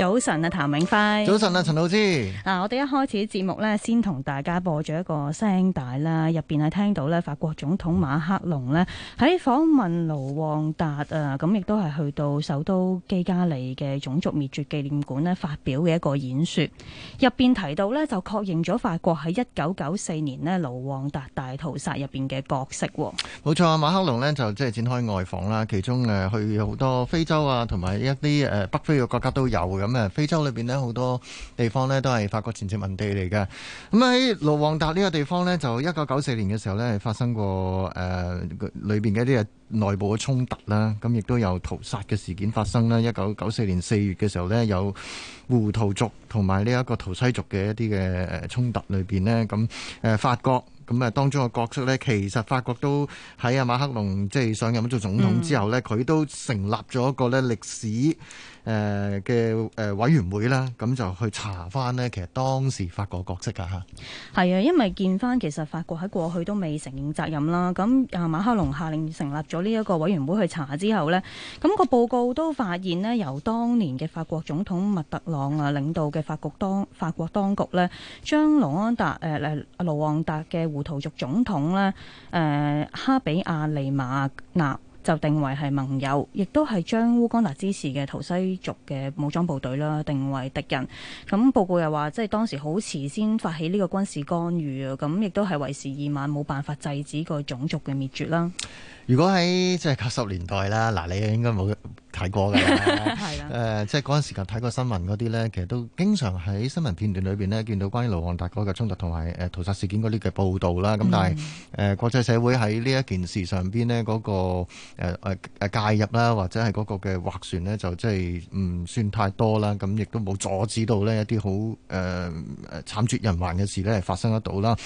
早晨啊，譚永輝。早晨啊，陳老師嗱，我哋一開始節目咧，先同大家播咗一個聲帶啦，入邊係聽到咧法國總統馬克龍咧喺訪問盧旺達啊，咁亦都係去到首都基加利嘅種族滅絕紀念館咧發表嘅一個演說入邊提到咧就確認咗法國喺一九九四年咧盧旺達大屠殺入邊嘅角色。冇錯，馬克龍咧就即、是、係展開外訪啦，其中誒、啊、去好多非洲啊，同埋一啲誒、啊、北非嘅國家都有咁。咁啊，非洲裏邊呢好多地方呢都係法國前殖民地嚟嘅。咁喺盧旺達呢個地方呢就一九九四年嘅時候呢，係發生過誒、呃、裏邊嘅一啲內部嘅衝突啦。咁亦都有屠殺嘅事件發生啦。一九九四年四月嘅時候呢，有胡圖族同埋呢一個圖西族嘅一啲嘅衝突裏邊呢。咁誒法國咁啊當中嘅角色呢，其實法國都喺阿馬克龍即係上任做總統之後呢，佢、嗯、都成立咗一個呢歷史。誒嘅誒委員會啦，咁就去查翻呢。其實當時法國角色噶嚇，係啊，因為見翻其實法國喺過去都未承認責任啦。咁啊，馬克龍下令成立咗呢一個委員會去查之後呢，咁、個報告都發現呢，由當年嘅法國總統密特朗啊領導嘅法國當法國當局呢，將盧安達誒誒、呃、盧旺達嘅胡圖族總統呢，誒、呃、哈比亞利馬納，就定為係盟友，亦都係將烏干達支持嘅圖西族嘅武裝部隊啦，定為敵人。咁報告又話，即係當時好遲先發起呢個軍事干預啊，咁亦都係為時已晚，冇辦法制止個種族嘅滅絕啦。如果喺即係九十年代啦，嗱，你應該冇。睇過嘅，誒，即係嗰陣時間睇過新聞嗰啲咧，其實都經常喺新聞片段裏邊咧，見到關於盧旺達嗰個衝突同埋誒屠殺事件嗰啲嘅報導啦。咁但係誒、嗯呃、國際社會喺呢一件事上邊呢，嗰、那個誒誒、呃、介入啦，或者係嗰個嘅斡旋呢，就即係唔算太多啦。咁亦都冇阻止到呢一啲好誒誒慘絕人寰嘅事咧發生得到啦。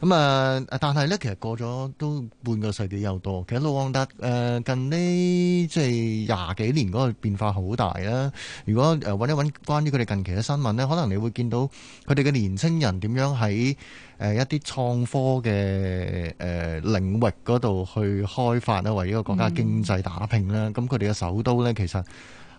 咁啊，但係咧，其實過咗都半個世紀有多，其實盧旺達誒、呃、近呢即係廿幾幾年嗰個變化好大啦。如果誒揾一揾關於佢哋近期嘅新聞呢，可能你會見到佢哋嘅年青人點樣喺誒一啲創科嘅誒領域嗰度去開發啦，為呢個國家經濟打拼啦。咁佢哋嘅首都呢，其實～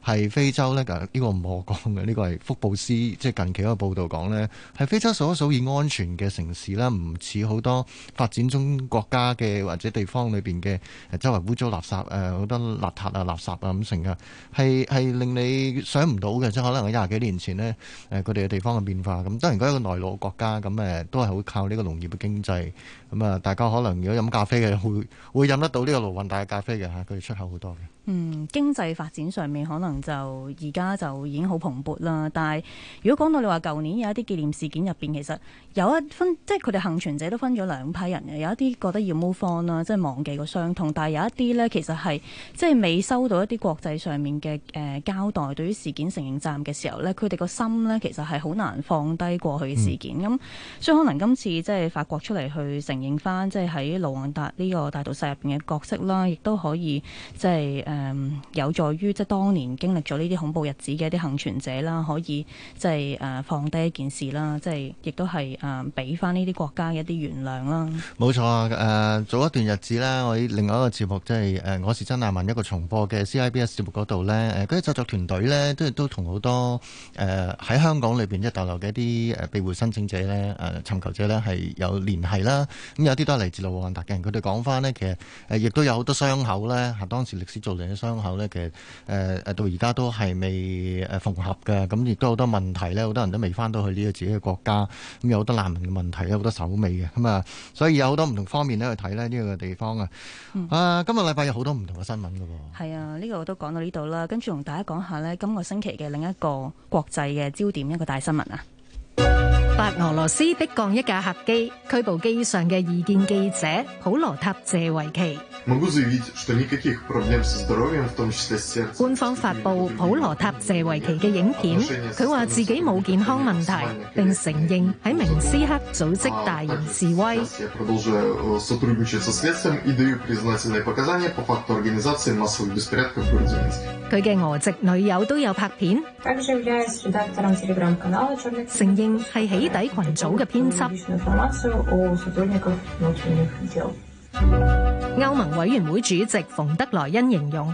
係非洲咧，呢、這個唔我講嘅，呢、這個係福布斯即係、就是、近期一個報導講呢，係非洲數一數二安全嘅城市啦，唔似好多發展中國家嘅或者地方裏邊嘅周圍污糟垃圾誒好、呃、多邋遢啊、垃圾啊咁成嘅，係係令你想唔到嘅，即係可能喺廿幾年前呢，誒佢哋嘅地方嘅變化。咁當然嗰一個內陸嘅國家，咁誒都係好靠呢個農業嘅經濟。咁啊，大家可能如果飲咖啡嘅，會會飲得到呢個盧旺達嘅咖啡嘅嚇，佢出口好多嘅。嗯，經濟發展上面可能就而家就已經好蓬勃啦。但係如果講到你話舊年有一啲紀念事件入面，其實有一分即係佢哋幸存者都分咗兩批人嘅，有一啲覺得要 move on 啦，即係忘記個傷痛。但係有一啲呢，其實係即係未收到一啲國際上面嘅、呃、交代，對於事件承認責任嘅時候呢，佢哋個心呢，其實係好難放低過去嘅事件。咁、嗯嗯、所以可能今次即係法國出嚟去承認翻，即係喺盧旺達呢個大屠殺入面嘅角色啦，亦都可以即係。誒、嗯、有助於即係當年經歷咗呢啲恐怖日子嘅一啲幸存者啦，可以即係誒、啊、放低一件事啦，即係亦都係誒俾翻呢啲國家嘅一啲原諒啦。冇錯啊！誒早一段日子啦，我喺另外一個節目即係誒、啊、我是真亞文一個重播嘅 CIBS 節目嗰度、啊、呢，誒嗰啲製作團隊咧都都同好多誒喺、啊、香港裏邊即係逗留嘅一啲誒庇護申請者呢，誒、啊、尋求者呢係有聯繫啦。咁、啊、有啲都係嚟自盧旺達嘅人，佢哋講翻呢，其實誒亦都有好多傷口呢。嚇、啊、當時歷史做。啲傷口咧，其實誒誒、呃、到而家都係未誒縫合嘅，咁亦都好多問題咧，好多人都未翻到去呢個自己嘅國家，咁有好多難民嘅問題，有好多手尾嘅，咁、嗯、啊，所以有好多唔同方面咧去睇咧呢個地方啊。啊，今日禮拜有好多唔同嘅新聞嘅喎。係、嗯、啊，呢、啊呢個我都講到呢度啦，跟住同大家講一下呢，今個星期嘅另一個國際嘅焦點一個大新聞啊。白俄羅斯迫降一架客機，拘捕機上嘅異見記者普羅塔謝維奇。官方發佈普羅塔謝維奇嘅影片，佢話自己冇健康問題，並承認喺明斯克組織大型示威。佢嘅俄籍女友都有拍片，承。係起底群組嘅編輯。歐盟委員會主席馮德萊恩形容。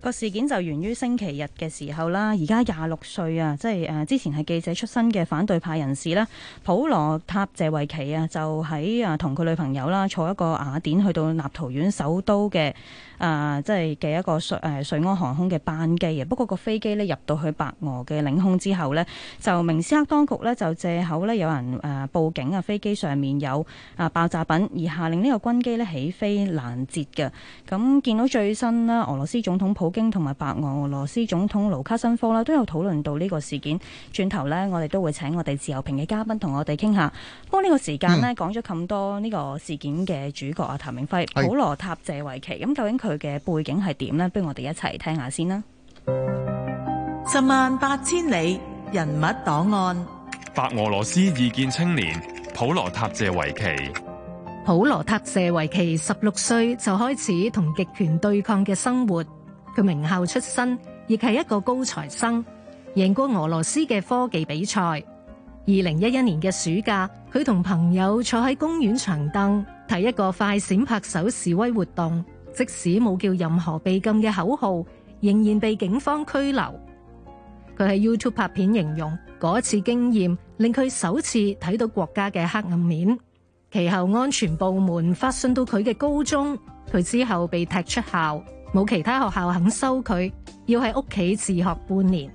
個事件就源於星期日嘅時候啦，而家廿六歲啊，即係誒之前係記者出身嘅反對派人士啦，普羅塔謝維奇啊，就喺啊同佢女朋友啦坐一個雅典去到立陶宛首都嘅啊，即係嘅一個瑞誒瑞安航空嘅班機啊，不過個飛機呢入到去白俄嘅領空之後呢，就明斯克當局呢，就藉口呢有人誒報警啊，飛機上面有啊爆炸品，而下令呢個軍機呢起飛攔截嘅。咁見到最新啦，俄羅斯總統普普京同埋白俄羅斯總統盧卡申科啦，都有討論到呢個事件。轉頭呢，我哋都會請我哋自由評嘅嘉賓同我哋傾下。不過呢個時間呢，講咗咁多呢個事件嘅主角啊，譚永輝、普羅塔謝維奇。咁究竟佢嘅背景係點呢？不如我哋一齊聽下先啦。十萬八千里人物檔案，白俄羅斯異見青年普羅塔謝維奇。普羅塔謝維奇十六歲就開始同極權對抗嘅生活。佢名校出身，亦係一個高材生，贏過俄羅斯嘅科技比賽。二零一一年嘅暑假，佢同朋友坐喺公園長凳，睇一個快閃拍手示威活動，即使冇叫任何被禁嘅口號，仍然被警方拘留。佢喺 YouTube 拍片形容，嗰次經驗令佢首次睇到國家嘅黑暗面。其後安全部門發信到佢嘅高中，佢之後被踢出校。冇其他學校肯收佢，要喺屋企自學半年。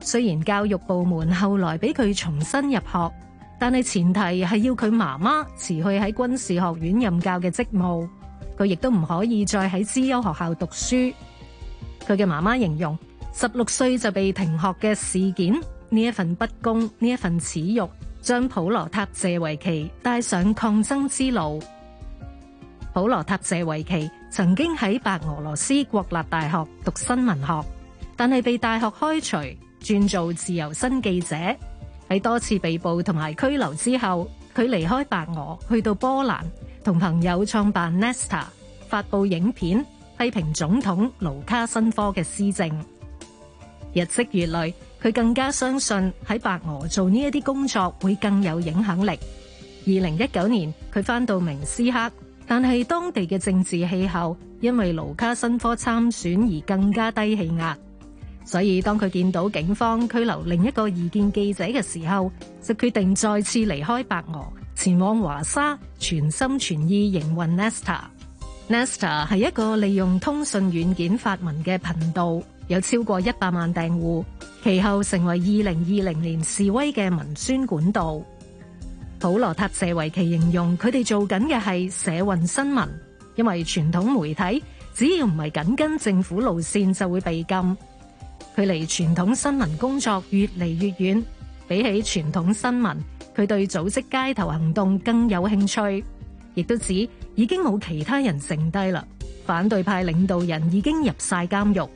雖然教育部門後來俾佢重新入學，但係前提係要佢媽媽辭去喺軍事學院任教嘅職務。佢亦都唔可以再喺資優學校讀書。佢嘅媽媽形容十六歲就被停學嘅事件，呢一份不公，呢一份恥辱，將普羅塔謝維奇帶上抗爭之路。普羅塔謝維奇。曾經喺白俄羅斯國立大學讀新聞學，但係被大學開除，轉做自由新記者。喺多次被捕同埋拘留之後，佢離開白俄，去到波蘭，同朋友創辦 Nesta，發布影片，批評總統盧卡申科嘅施政。日積月累，佢更加相信喺白俄做呢一啲工作會更有影響力。二零一九年，佢返到明斯克。但係當地嘅政治氣候因為盧卡申科參選而更加低氣壓，所以當佢見到警方拘留另一個異見記者嘅時候，就決定再次離開白俄，前往華沙，全心全意營運 Nesta。Nesta 係一個利用通訊軟件發文嘅頻道，有超過一百萬訂戶，其後成為二零二零年示威嘅文宣管道。普羅塔謝維奇形容佢哋做緊嘅係社運新聞，因為傳統媒體只要唔係緊跟政府路線，就會被禁。佢離傳統新聞工作越嚟越遠，比起傳統新聞，佢對組織街頭行動更有興趣。亦都指已經冇其他人剩低啦，反對派領導人已經入晒監獄。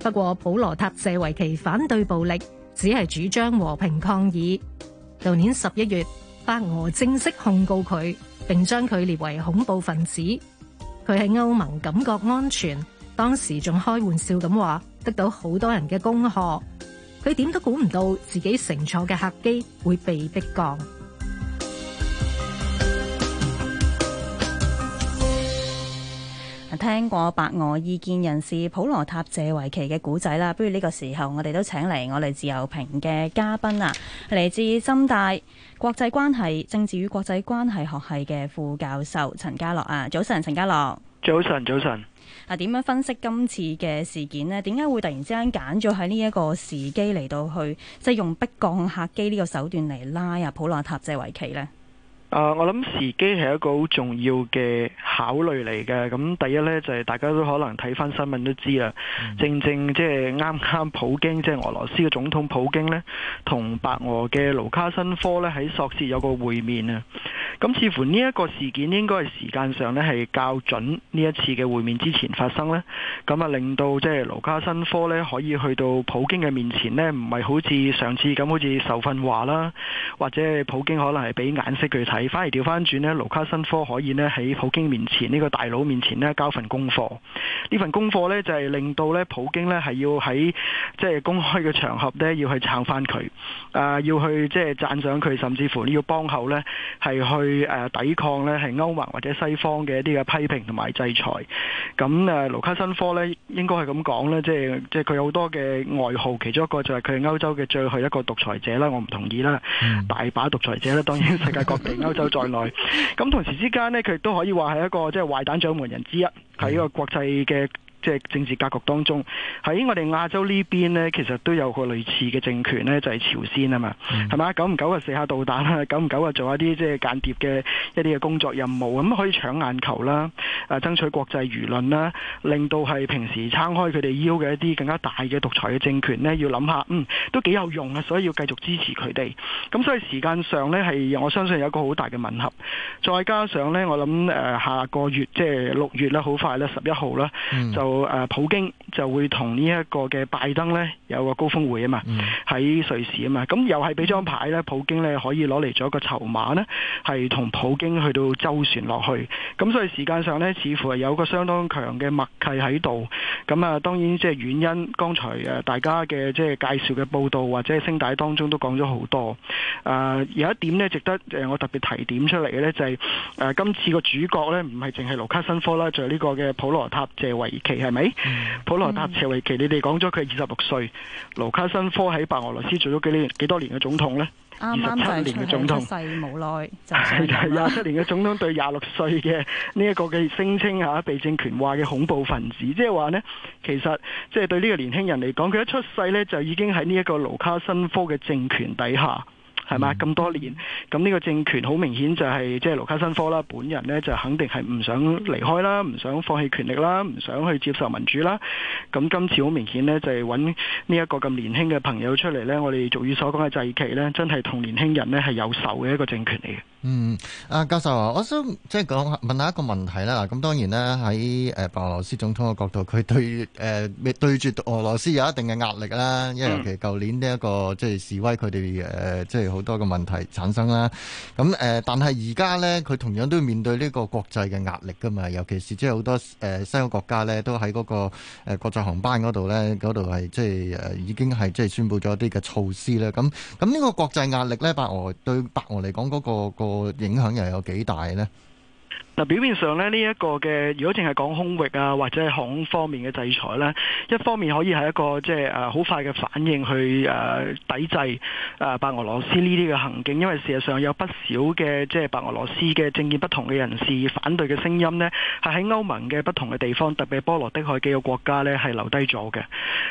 不過普羅塔謝維奇反對暴力，只係主張和平抗議。舊年十一月，白俄正式控告佢，並將佢列為恐怖分子。佢喺歐盟感覺安全，當時仲開玩笑咁話得到好多人嘅恭賀，佢點都估唔到自己乘坐嘅客機會被逼降。聽過白俄意見人士普羅塔謝維奇嘅故仔啦，不如呢個時候我哋都請嚟我哋自由評嘅嘉賓啊，嚟自浸大國際關係政治與國際關係學系嘅副教授陳家洛啊，早晨，陳家洛。早晨，早晨。啊，點樣分析今次嘅事件呢？點解會突然之間揀咗喺呢一個時機嚟到去，即係用逼降客機呢個手段嚟拉入普羅塔謝維奇呢？啊、呃！我諗時機係一個好重要嘅考慮嚟嘅。咁第一呢，就係、是、大家都可能睇返新聞都知啦。正正即係啱啱普京即係、就是、俄羅斯嘅總統普京呢，同白俄嘅盧卡申科呢，喺索契有個會面啊。咁似乎呢一個事件應該係時間上呢係較準呢一次嘅會面之前發生呢。咁啊令到即係盧卡申科呢，可以去到普京嘅面前呢，唔係好似上次咁好似受訓話啦，或者普京可能係俾眼色佢睇。反而調翻轉呢，盧卡申科可以呢，喺普京面前呢、呢個大佬面前呢交份功課。呢份功課呢，就係令到呢普京呢，係要喺即係公開嘅場合呢、呃，要去撐翻佢，要去即係讚賞佢，甚至乎要幫口呢，係、呃、去抵抗呢，係歐盟或者西方嘅一啲嘅批評同埋制裁。咁盧卡申科呢，應該係咁講呢，即係即係佢好多嘅外號，其中一個就係佢係歐洲嘅最後一個獨裁者啦。我唔同意啦、嗯，大把獨裁者啦，當然世界各地 就在內咁同時之間咧，佢亦都可以話係一個即係壞蛋掌門人之一，係一個國際嘅。即係政治格局當中，喺我哋亞洲呢邊呢，其實都有個類似嘅政權呢，就係、是、朝鮮啊嘛，係、嗯、嘛？久唔久啊，射下導彈啦，久唔久啊，做一啲即係間諜嘅一啲嘅工作任務，咁可以搶眼球啦，啊，爭取國際輿論啦，令到係平時撐開佢哋腰嘅一啲更加大嘅獨裁嘅政權呢。要諗下，嗯，都幾有用啊，所以要繼續支持佢哋。咁所以時間上呢，係，我相信有一個好大嘅吻合。再加上呢，我諗誒、呃、下個月即係六月啦，好快啦，十一號啦，就。普京就會同呢一個嘅拜登呢有個高峰會啊嘛，喺瑞士啊嘛，咁、嗯、又係俾張牌呢，普京呢可以攞嚟做一個籌碼呢係同普京去到周旋落去，咁所以時間上呢，似乎係有個相當強嘅默契喺度。咁啊，當然即係原因，剛才誒大家嘅即係介紹嘅報道或者聲帶當中都講咗好多。啊，有一點呢，值得我特別提點出嚟嘅呢，就係今次個主角呢，唔係淨係盧卡申科啦，仲有呢個嘅普羅塔謝維奇。係咪普羅塔謝維奇？你哋講咗佢二十六歲，盧、嗯、卡申科喺白俄羅斯做咗幾年幾多年嘅總統呢？二十七年嘅總統，出世無耐，係廿七年嘅總統， 總統對廿六歲嘅呢一個嘅聲稱吓，被政權話嘅恐怖分子，即係話呢，其實即係、就是、對呢個年輕人嚟講，佢一出世呢，就已經喺呢一個盧卡申科嘅政權底下。係嘛咁多年，咁呢個政權好明顯就係即係盧卡申科啦，本人呢就肯定係唔想離開啦，唔想放棄權力啦，唔想去接受民主啦。咁今次好明顯呢，就係搵呢一個咁年輕嘅朋友出嚟呢。我哋俗語所講嘅祭旗呢，真係同年輕人呢係有仇嘅一個政權嚟嘅。嗯，阿教授啊，我想即係講問下一個問題啦。咁當然啦，喺誒白俄羅斯總統嘅角度，佢對誒、呃、對住俄羅斯有一定嘅壓力啦。因為尤其舊年呢、這、一個即係示威，佢哋誒即係好多嘅問題產生啦。咁誒、呃，但係而家咧，佢同樣都要面對呢個國際嘅壓力噶嘛。尤其是即係好多誒西方國家咧，都喺嗰個誒國際航班嗰度咧，嗰度係即係誒已經係即係宣布咗一啲嘅措施啦。咁咁呢個國際壓力咧，白俄對白俄嚟講嗰個個個影響又有幾大咧？嗱表面上咧，呢、這、一個嘅，如果淨係講空域啊，或者航空方面嘅制裁咧，一方面可以係一個即係誒好快嘅反應去誒、啊、抵制誒、啊、白俄羅斯呢啲嘅行徑，因為事實上有不少嘅即係白俄羅斯嘅政見不同嘅人士反對嘅聲音咧，係喺歐盟嘅不同嘅地方，特別係波羅的海幾個國家咧係留低咗嘅。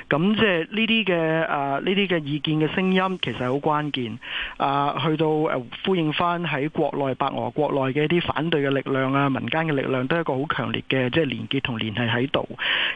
咁即係呢啲嘅誒呢啲嘅意見嘅聲音，其實好關鍵啊，去到誒、啊、呼應翻喺國內白俄國內嘅一啲反對嘅力量。民間嘅力量都係一個好強烈嘅即係連結同聯繫喺度，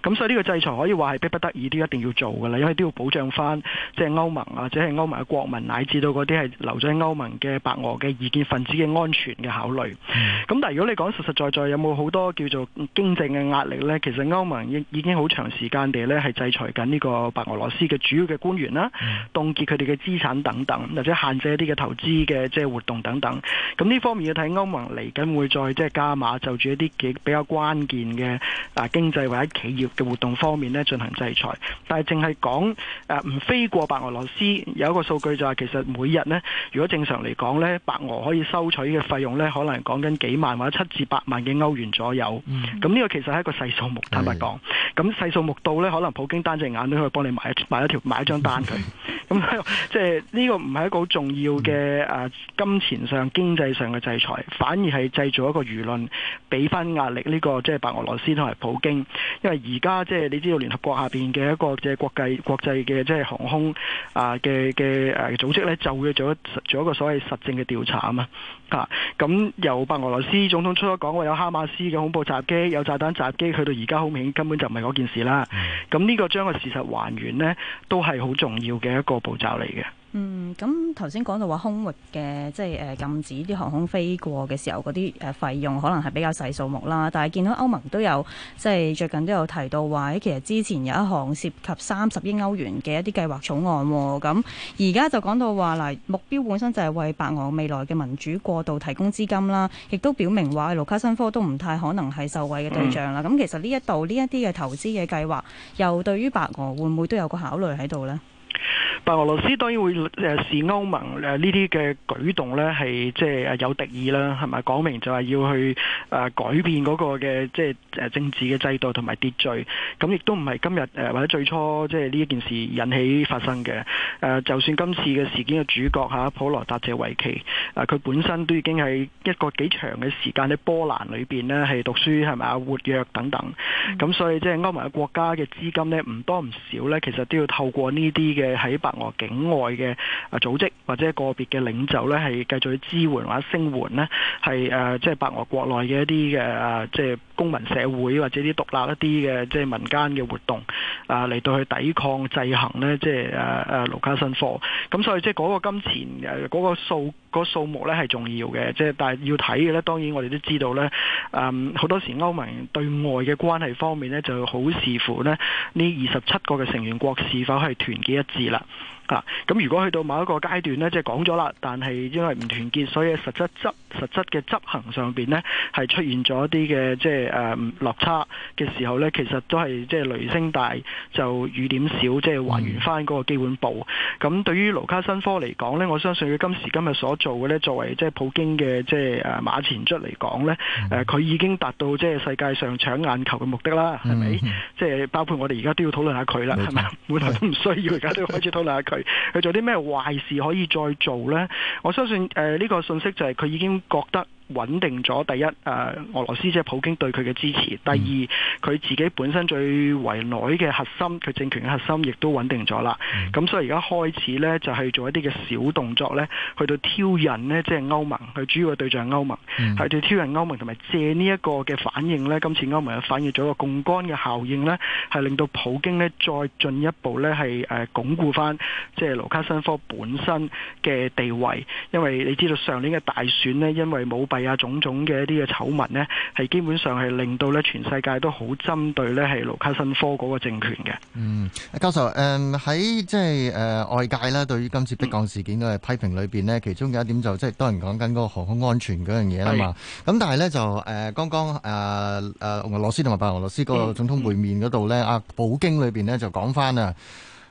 咁所以呢個制裁可以話係迫不得已，都一定要做㗎啦，因為都要保障翻即係歐盟啊，或者係歐盟嘅國民，乃至到嗰啲係留咗喺歐盟嘅白俄嘅異見分子嘅安全嘅考慮。咁、嗯、但係如果你講實實在在，在有冇好多叫做經濟嘅壓力呢？其實歐盟已已經好長時間地呢係制裁緊呢個白俄羅斯嘅主要嘅官員啦、嗯，凍結佢哋嘅資產等等，或者限制一啲嘅投資嘅即係活動等等。咁呢方面要睇歐盟嚟緊會再即係阿馬就住一啲幾比較關鍵嘅、啊經濟或者企業嘅活動方面呢，進行制裁，但係淨係講誒唔飛過白俄羅斯，有一個數據就係其實每日呢，如果正常嚟講呢，白俄可以收取嘅費用呢，可能講緊幾萬或者七至八萬嘅歐元左右。Mm-hmm. 咁呢個其實係一個細數目，坦白講。Mm-hmm. 咁細數目到呢，可能普京單隻眼都可以幫你買一買一條買一張單佢。Mm -hmm. 咁即係呢個唔係一個好重要嘅誒、啊、金錢上經濟上嘅制裁，反而係製造一個輿論，俾翻壓力呢、這個即係、就是、白俄羅斯同埋普京。因為而家即係你知道聯合國下邊嘅一個即係、就是、國際國際嘅即係航空啊嘅嘅誒組織咧，就會做一做一個所謂實證嘅調查啊嘛。吓、啊，咁、嗯、由白俄羅斯總統出咗講話有哈馬斯嘅恐怖襲擊有炸彈襲擊去到而家好明顯根本就唔係嗰件事啦。咁、嗯、呢、嗯這個將個事實還原咧，都係好重要嘅一個。個步驟嚟嘅，嗯，咁頭先講到話空域嘅，即係誒禁止啲航空飛過嘅時候，嗰啲誒費用可能係比較細數目啦。但係見到歐盟都有，即係最近都有提到話，其實之前有一項涉及三十億歐元嘅一啲計劃草案喔。咁而家就講到話嗱，目標本身就係為白俄未來嘅民主過渡提供資金啦，亦都表明話盧卡申科都唔太可能係受惠嘅對象啦。咁、嗯、其實呢一度呢一啲嘅投資嘅計劃，又對於白俄會唔會都有個考慮喺度呢？白俄羅斯當然會誒視歐盟誒呢啲嘅舉動呢係即係有敵意啦，係咪？講明就係要去誒改變嗰個嘅即係政治嘅制度同埋秩序。咁亦都唔係今日誒或者最初即係呢一件事引起發生嘅。誒，就算今次嘅事件嘅主角吓普羅塔謝維奇啊，佢本身都已經喺一個幾長嘅時間嘅波蘭裏邊呢係讀書，係咪啊，活躍等等。咁所以即係歐盟嘅國家嘅資金呢，唔多唔少呢，其實都要透過呢啲嘅。誒喺白俄境外嘅啊組織或者個別嘅領袖咧，係繼續去支援或者聲援咧，係誒即係白俄國內嘅一啲嘅誒即係，公民社會或者啲獨立一啲嘅即係民間嘅活動啊，嚟到去抵抗制衡呢，即係誒誒盧卡申科。咁所以即係嗰個金錢誒嗰個數、嗰個數目咧係重要嘅，即係但係要睇嘅咧，當然我哋都知道咧，誒、嗯、好多時歐盟對外嘅關係方面咧，就好視乎呢，呢二十七個嘅成員國是否係團結一致啦。咁、啊、如果去到某一個階段呢，即係講咗啦，但係因為唔團結，所以實質執實質嘅執行上面呢，係出現咗一啲嘅即係誒、嗯、落差嘅時候呢，其實都係即係雷聲大就雨點少，即係還原翻嗰個基本步。咁、嗯、對於盧卡申科嚟講呢，我相信佢今時今日所做嘅呢，作為即係普京嘅即係馬馬前卒嚟講呢，佢、嗯啊、已經達到即係世界上搶眼球嘅目的啦，係、嗯、咪？即係、就是、包括我哋而家都要討論下佢啦，係咪？本來都唔需要，而家都要開始討論下佢。佢做啲咩壞事可以再做咧？我相信誒呢、呃這個信息就係佢已經覺得。穩定咗第一，誒，俄羅斯即係普京對佢嘅支持；第二，佢自己本身最為內嘅核心，佢政權嘅核心，亦都穩定咗啦。咁、嗯、所以而家開始呢，就係、是、做一啲嘅小動作呢，去到挑釁呢即係歐盟，佢主要嘅對象係歐盟，係、嗯、對挑釁歐盟，同埋借呢一個嘅反應呢。今次歐盟反應咗個槓桿嘅效應呢，係令到普京呢再進一步呢，係誒、呃、鞏固返即係盧卡申科本身嘅地位，因為你知道上年嘅大選呢，因為冇幣。有種種嘅一啲嘅醜聞呢，係基本上係令到咧全世界都好針對呢，係盧卡申科嗰個政權嘅。嗯，教授，誒喺即係誒外界咧，對於今次逼降事件嘅批評裏邊呢，其中有一點就即、是、係多人講緊嗰個航空安全嗰樣嘢啦嘛。咁但係呢，就誒、呃，剛剛誒誒、呃呃、俄羅斯同埋白俄羅斯嗰個總統會面嗰度呢，阿、嗯、普、嗯、京裏邊呢，就講翻啊。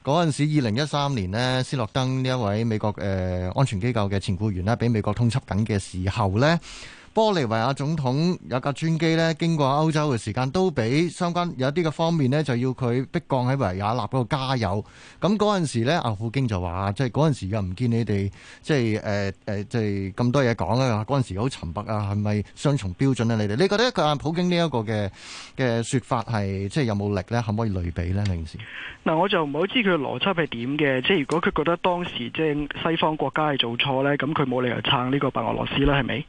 嗰陣時，二零一三年呢，斯諾登呢一位美國誒安全機構嘅前僱員呢，俾美國通緝緊嘅時候呢，玻利維亞總統有架專機咧，經過歐洲嘅時間都俾相關有一啲嘅方面咧，就要佢逼降喺維也納嗰度加油。咁嗰陣時咧，阿普京就話，即係嗰陣時又唔見你哋，即係誒誒，即係咁多嘢講啦。嗰陣時好沉默啊，係咪雙重標準啊？你哋，你覺得佢阿普京呢一個嘅嘅説法係即係有冇力咧？可唔可以類比呢件事嗱？我就唔好知佢嘅邏輯係點嘅。即係如果佢覺得當時即係西方國家係做錯咧，咁佢冇理由撐呢個白俄羅斯啦，係咪？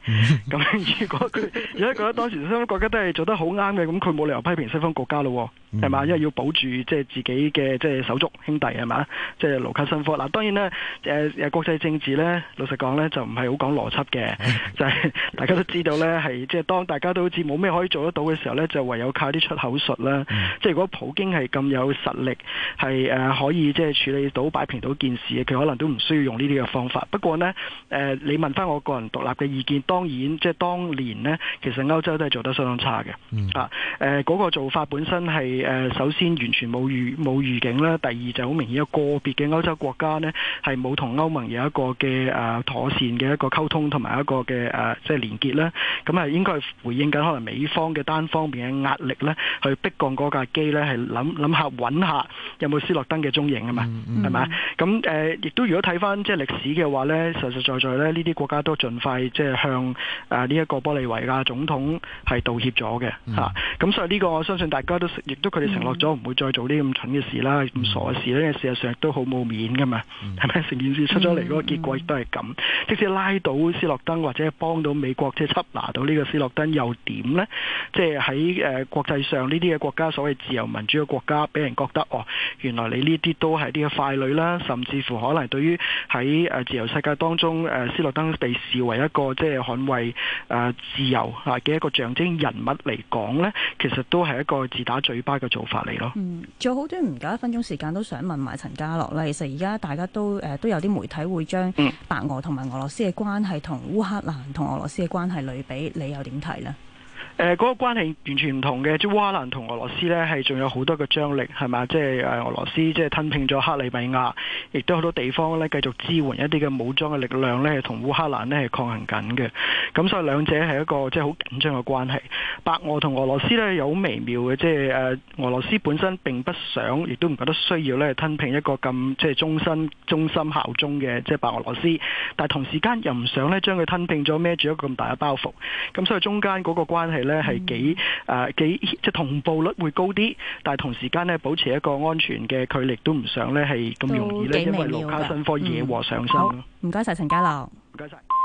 咁 如果佢如果覺得當時西方國家都係做得好啱嘅，咁佢冇理由批評西方國家咯，係嘛？嗯、因為要保住即係、就是、自己嘅即係手足兄弟係嘛？即係、就是、盧卡申科嗱、啊。當然呢，誒、呃、誒國際政治呢，老實講呢，就唔係好講邏輯嘅， 就係大家都知道呢，係即係當大家都好似冇咩可以做得到嘅時候呢，就唯有靠啲出口術啦。嗯、即係如果普京係咁有實力，係誒、呃、可以即係處理到擺平到件事嘅，佢可能都唔需要用呢啲嘅方法。不過呢，誒、呃、你問翻我個人獨立嘅意見，當然即係、就是當年呢，其實歐洲都係做得相當差嘅、嗯。啊，誒、呃、嗰、那個做法本身係誒、呃，首先完全冇預冇預警啦。第二就好明顯有個別嘅歐洲國家呢，係冇同歐盟有一個嘅誒、啊、妥善嘅一個溝通同埋一個嘅誒即係連結啦。咁、啊、係應該係回應緊可能美方嘅單方面嘅壓力呢，去逼降嗰架機呢，係諗諗下揾下有冇斯諾登嘅蹤影啊嘛，係、嗯、咪？咁誒，亦、嗯呃、都如果睇翻即係歷史嘅話呢，實實在在咧呢啲國家都盡快即係向誒、呃一個玻利維亞總統係道歉咗嘅吓，咁、mm -hmm. 啊、所以呢個我相信大家都亦都佢哋承諾咗唔會再做啲咁蠢嘅事啦，咁傻嘅事呢，事實上亦都好冇面噶嘛，係、mm、咪 -hmm.？成件事出咗嚟嗰個結果亦都係咁，mm -hmm. 即使拉到斯諾登或者幫到美國，即係緝拿到呢個斯諾登又點呢？即係喺誒國際上呢啲嘅國家，所謂自由民主嘅國家，俾人覺得哦，原來你呢啲都係啲嘅傀儡啦，甚至乎可能對於喺誒自由世界當中誒、呃、斯諾登被視為一個即係捍衛。誒自由嚇嘅一個象徵人物嚟講呢，其實都係一個自打嘴巴嘅做法嚟咯。嗯，仲有好多唔夠一分鐘時間，都想問埋陳家洛啦。其實而家大家都誒、呃、都有啲媒體會將白俄同埋俄羅斯嘅關係同烏克蘭同俄羅斯嘅關係類比，你又點睇呢？誒、呃，嗰、那個關係完全唔同嘅，即係烏克蘭同俄羅斯呢，係仲有好多嘅張力係嘛，即係誒俄羅斯即係吞併咗克里米亞，亦都好多地方呢，繼續支援一啲嘅武裝嘅力量呢，同烏克蘭呢係抗衡緊嘅，咁所以兩者係一個即係好緊張嘅關係。白俄同俄羅斯呢，有好微妙嘅，即係誒俄羅斯本身並不想，亦都唔覺得需要呢吞併一個咁即係終身忠心效忠嘅即係白俄羅斯，但係同時間又唔想呢將佢吞併咗孭住一個咁大嘅包袱，咁所以中間嗰個關。真係咧，係幾誒幾即係同步率會高啲，但係同時間咧保持一個安全嘅距離都唔想咧係咁容易咧，因為盧卡申科惹禍上身。咯，唔該晒陳家洛，唔該晒。